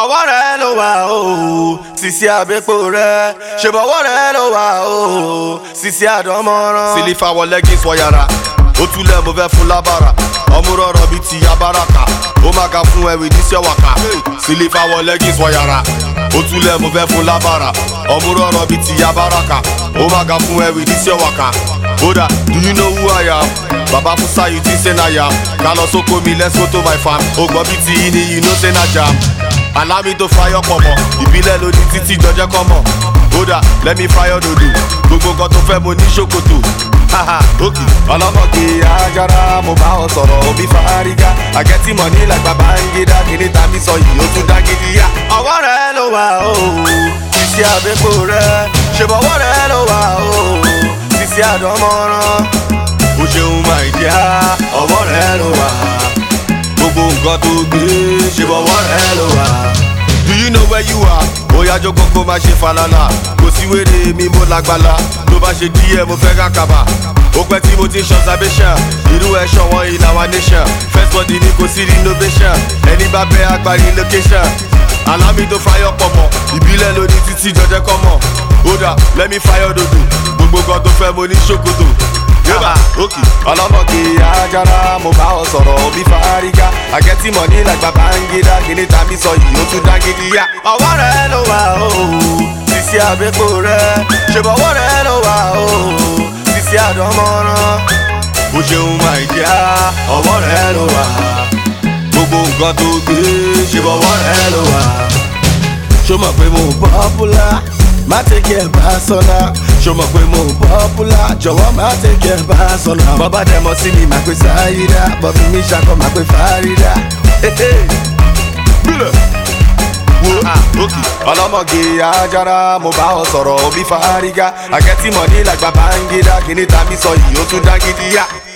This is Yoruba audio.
ọwọ́ rẹ ló wà o sisi àbẹ́pọ̀ rẹ ṣèbọ̀wọ́ rẹ ló wà o sisi àdánmọ́rán. sílífà wọ leggings wọ yàrá ó túlẹ̀ mo fẹ́ fún lábàrà ọmúrọ̀rọ̀ bíi ti abáraka ó máa ka fún ẹ̀wì níṣẹ́ wàkà sílífà wọ leggings wọ yàrá ó túlẹ̀ mo fẹ́ fún lábàrà ọmúrọ̀rọ̀ bíi ti abáraka ó máa ka fún ẹ̀wì níṣẹ́ wàkà Oda, do you know who I am? Baba Fusa, you think say na yam? Kalo soko mi, let's go to my farm. Ogbon bi ti ini, you know say na jam allow me to fire pọ̀mọ́ ìbílẹ̀ lóní títí jọjẹ́ kọ́mọ̀ kódà lẹ́mí fire dodo gbogbo kan tó fẹ́ mo ní ṣòkòtò òkè ọlọ́mọge ajára mo bá ọ sọ̀rọ̀ òbí fárígá àgẹ́tì mọ̀ ní làgbà bá ń gé dákìní tàbí sọ yìí ó tún dágìdí yá. ọwọ́ rẹ ló wà o iṣẹ́ àbẹ́pọ̀ rẹ ṣèbọ̀wọ́ rẹ ló wà o iṣẹ́ àdánmọ́ràn o ṣeun máa ń díá ọwọ́ rẹ ló wà nǹkan tó gbé ṣe bọ̀wọ́ rẹ ló wà. do you know where you are? bóyá jókòó kó má ṣe falala see where they mi mo lágbára No ba she die mo fẹ́ kákàbà ó pẹ́ tí mo ti ṣan salvation irú ẹ̀ ṣọ̀wọ́n ìlàwà nation first body ni kò sí renovation ẹni bá bẹ agbárí location alámi tó fayọ pọ̀pọ̀ ìbílẹ̀ lóní títí jọjẹ́ kọ́mọ̀ ó dà lẹ́mí fayọ dòdò gbogbo god to fẹ́ mo ní ṣòkòtò ọlọ́mọge ajara mo bá ọ sọ̀rọ̀ òbí fárígá àgẹ́tì mọ̀ ní làgbà báńgídá kìíní tàbí sọ yìí ó tún dágídí yá. ọwọ́ rẹ ló wà o sisi àbẹ́pọ̀ rẹ ṣèbọ̀wọ́ rẹ ló wà o sisi àdánmọ́ràn o ṣeun máa jẹ́ ọwọ́ rẹ ló wà gbogbo nǹkan tó gbé ṣèbọ̀wọ́ rẹ ló wà ṣó mọ̀ pé mo pọ́pùlà má tẹ̀kẹ́ bá sọ́dá ṣó mọ̀ pé jọ̀wọ́ máa tẹ̀kẹ́ bá a sọ̀nà. bọ́ bá dẹ̀ mọ́ sí mi máa pe sáyidá bọ́ fi mí ṣakọ máa pe fárídá. bílẹ̀ wo ah, òkè. ọlọ́mọge ajara mo bá ọ sọ̀rọ̀ òbí fárígá àgẹ́tìmọ̀ ní làgbà bá ń gé dá kíní tàbí sọ yìí ó tún dá gidi yá.